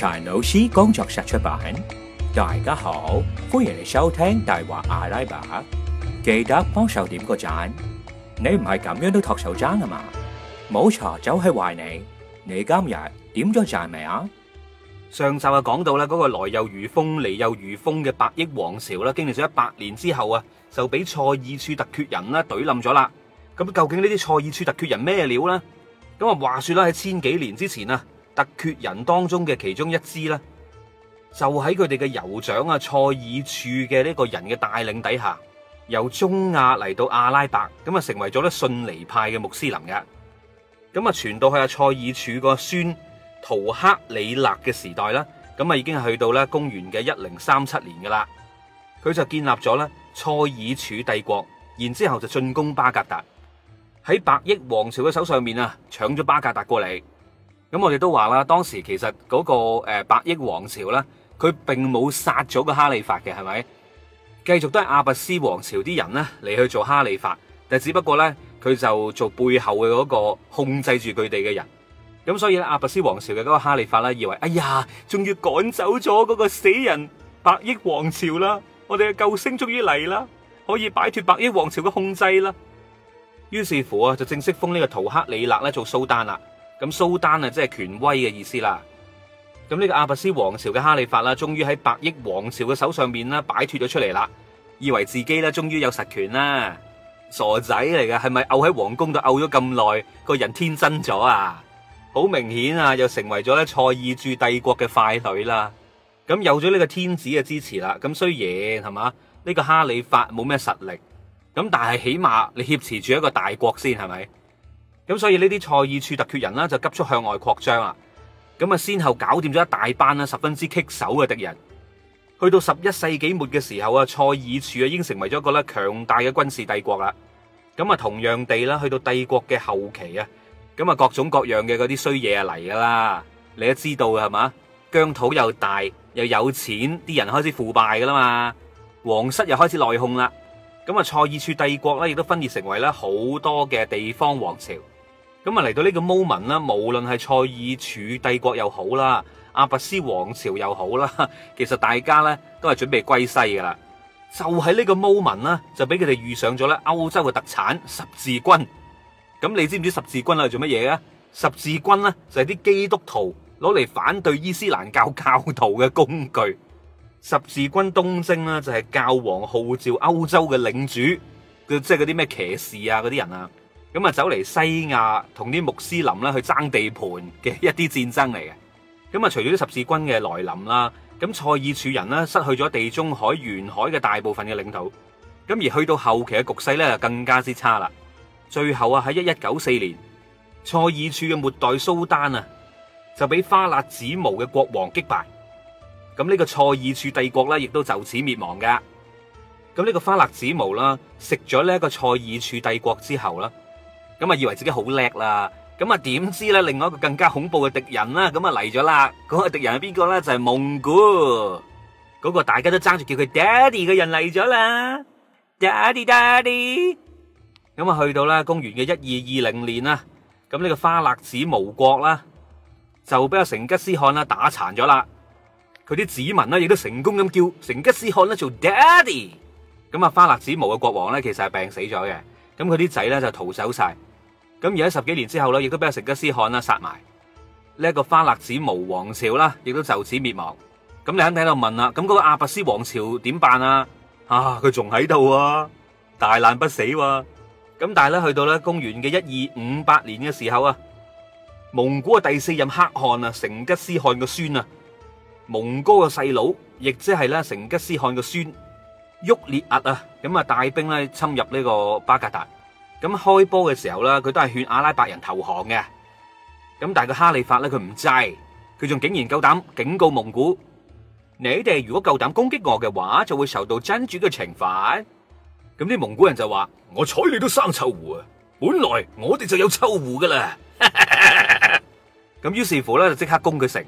柴老師，工作室出版，大家好，歡迎嚟收聽《大話阿拉伯》。記得幫手點個讚，你唔係咁樣都托手踭啊嘛？冇茶酒係壞你。你今日點咗讚未啊？上集啊講到啦，嗰個來又如風，嚟又如風嘅百億王朝啦，經歷咗一百年之後啊，就俾塞爾柱突厥人啦，懟冧咗啦。咁究竟呢啲塞爾柱突厥人咩料呢？咁啊話説啦，喺千幾年之前啊。突厥人當中嘅其中一支咧，就喺佢哋嘅酋長啊塞爾柱嘅呢個人嘅帶領底下，由中亞嚟到阿拉伯，咁啊成為咗咧遜尼派嘅穆斯林嘅。咁啊傳到去阿塞爾柱個孫圖克里勒嘅時代啦，咁啊已經去到咧公元嘅一零三七年噶啦，佢就建立咗咧塞爾柱帝國，然之後就進攻巴格達，喺白益王朝嘅手上面啊搶咗巴格達過嚟。咁我哋都話啦，當時其實嗰個誒白益王朝咧，佢並冇殺咗個哈里法嘅，係咪？繼續都係阿拔斯王朝啲人呢嚟去做哈里法，但只不過咧佢就做背後嘅嗰個控制住佢哋嘅人。咁所以咧，阿拔斯王朝嘅嗰個哈里法呢，以為哎呀，仲要趕走咗嗰個死人白益王朝啦，我哋嘅救星終於嚟啦，可以擺脫白益王朝嘅控制啦。於是乎啊，就正式封呢個圖克里勒咧做蘇丹啦。咁蘇丹啊，即係權威嘅意思啦。咁、這、呢個阿拔斯王朝嘅哈里發啦，終於喺白益王朝嘅手上面啦，擺脫咗出嚟，啦，以為自己咧，終於有實權啦。傻仔嚟嘅，係咪漚喺皇宮度漚咗咁耐，個人天真咗啊？好明顯啊，又成為咗咧塞爾柱帝國嘅傀儡啦。咁有咗呢個天子嘅支持啦，咁雖然係嘛，呢、這個哈里發冇咩實力，咁但係起碼你挾持住一個大國先係咪？咁所以呢啲塞爾柱突厥人呢，就急速向外擴張啦。咁啊，先後搞掂咗一大班啦，十分之棘手嘅敵人。去到十一世紀末嘅時候啊，塞爾柱啊，已經成為咗一個咧強大嘅軍事帝國啦。咁啊，同樣地啦，去到帝國嘅後期啊，咁啊，各種各樣嘅嗰啲衰嘢啊嚟噶啦，你都知道噶係嘛？疆土又大，又有錢，啲人開始腐敗噶啦嘛。皇室又開始內訌啦。咁啊，塞爾柱帝國咧，亦都分裂成為咧好多嘅地方王朝。咁啊，嚟到呢個 moment 啦，無論係塞爾柱帝國又好啦，阿拔斯王朝又好啦，其實大家咧都係準備歸西噶啦。就喺呢個 moment 啦，就俾佢哋遇上咗咧歐洲嘅特產十字軍。咁你知唔知十字軍係做乜嘢啊？十字軍呢，就係啲基督徒攞嚟反對伊斯蘭教教徒嘅工具。十字軍東征呢，就係教皇號召歐洲嘅領主即係嗰啲咩騎士啊，嗰啲人啊。咁啊，走嚟西亞同啲穆斯林啦去爭地盤嘅一啲戰爭嚟嘅。咁啊，除咗啲十字軍嘅來臨啦，咁塞爾柱人呢，失去咗地中海沿海嘅大部分嘅領土。咁而去到後期嘅局勢咧，就更加之差啦。最後啊，喺一一九四年，塞爾柱嘅末代蘇丹啊，就俾花剌子模嘅國王擊敗。咁呢個塞爾柱帝國咧，亦都就此滅亡㗎。咁呢個花剌子模啦，食咗呢一個塞爾柱帝國之後啦。咁啊，以為自己好叻啦！咁啊，點知咧？另外一個更加恐怖嘅敵人啦，咁啊嚟咗啦！嗰個敵人係邊個咧？就係蒙古，嗰個大家都爭住叫佢爹哋嘅人嚟咗啦！爹哋爹哋，咁啊去到啦，公元嘅一二二零年啦，咁呢個花剌子模國啦，就俾阿成吉思汗啦打殘咗啦，佢啲子民咧亦都成功咁叫成吉思汗咧做爹哋，咁啊花剌子模嘅國王咧其實係病死咗嘅，咁佢啲仔咧就逃走晒。咁而喺十幾年之後咧，亦都俾阿成吉思汗啦殺埋呢一個花剌子模王朝啦，亦都就此滅亡。咁你肯定喺度問啦，咁嗰個阿拔斯王朝點辦啊？啊，佢仲喺度啊，大難不死喎。咁但係咧，去到咧公元嘅一二五八年嘅時候啊，蒙古嘅第四任黑汗啊，成吉思汗嘅孫啊，蒙哥嘅細佬，亦即係咧成吉思汗嘅孫，旭烈兀啊，咁啊帶兵咧侵入呢個巴格達。咁開波嘅時候呢，佢都係勸阿拉伯人投降嘅。咁但係個哈利法咧，佢唔制，佢仲竟然夠膽警告蒙古：你哋如果夠膽攻擊我嘅話，就會受到真主嘅懲罰。咁啲蒙古人就話：我睬你都生臭狐啊！本來我哋就有臭狐噶啦。咁 於是乎咧，就即刻攻佢城，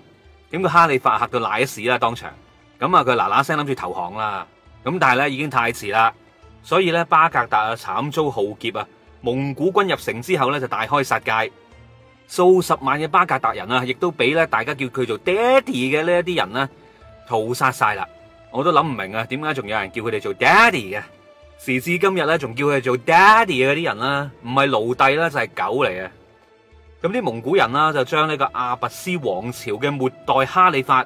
咁個哈利法吓到瀨屎啦當場。咁啊，佢嗱嗱聲諗住投降啦。咁但係咧已經太遲啦，所以咧巴格達啊慘遭浩劫啊！蒙古軍入城之後咧，就大開殺戒，數十萬嘅巴格達人啊，亦都俾咧大家叫佢做爹地嘅呢一啲人呢，屠殺晒啦。我都諗唔明啊，點解仲有人叫佢哋做爹地嘅？時至今日咧，仲叫佢做爹地嘅嗰啲人啦，唔係奴隸啦，就係狗嚟嘅。咁啲蒙古人啦，就將呢個阿拔斯王朝嘅末代哈里法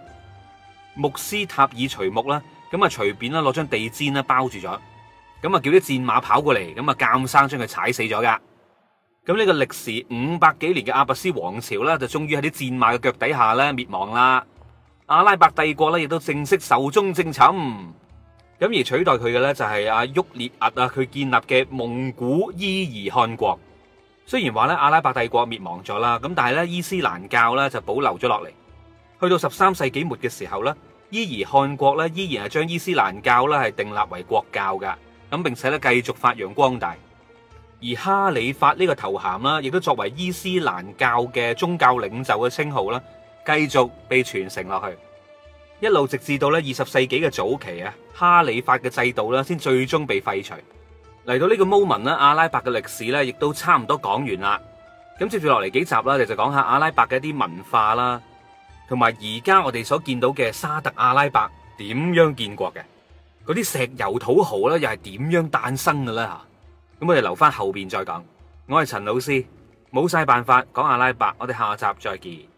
穆斯塔爾除木啦，咁啊隨便啦攞張地氈啦包住咗。咁啊，叫啲戰馬跑過嚟，咁啊，監生將佢踩死咗噶。咁呢個歷時五百幾年嘅阿拔斯王朝咧，就終於喺啲戰馬嘅腳底下咧滅亡啦，就是啊。阿拉伯帝國咧亦都正式壽終正寢。咁而取代佢嘅咧就係阿旭烈兀啊，佢建立嘅蒙古伊爾汗國。雖然話咧阿拉伯帝國滅亡咗啦，咁但係咧伊斯蘭教咧就保留咗落嚟。去到十三世紀末嘅時候咧，伊爾汗國咧依然係將伊斯蘭教咧係訂立為國教噶。咁並且咧繼續發揚光大，而哈里發呢個頭銜啦，亦都作為伊斯蘭教嘅宗教領袖嘅稱號啦，繼續被傳承落去，一路直至到咧二十世紀嘅早期啊，哈里發嘅制度啦先最終被廢除。嚟到呢個 moment 啦，阿拉伯嘅歷史咧亦都差唔多講完啦。咁接住落嚟幾集啦，就講下阿拉伯嘅一啲文化啦，同埋而家我哋所見到嘅沙特阿拉伯點樣建國嘅。嗰啲石油土豪咧，又係點樣誕生嘅咧？咁我哋留返後面再講。我係陳老師，冇晒辦法講阿拉伯，我哋下集再見。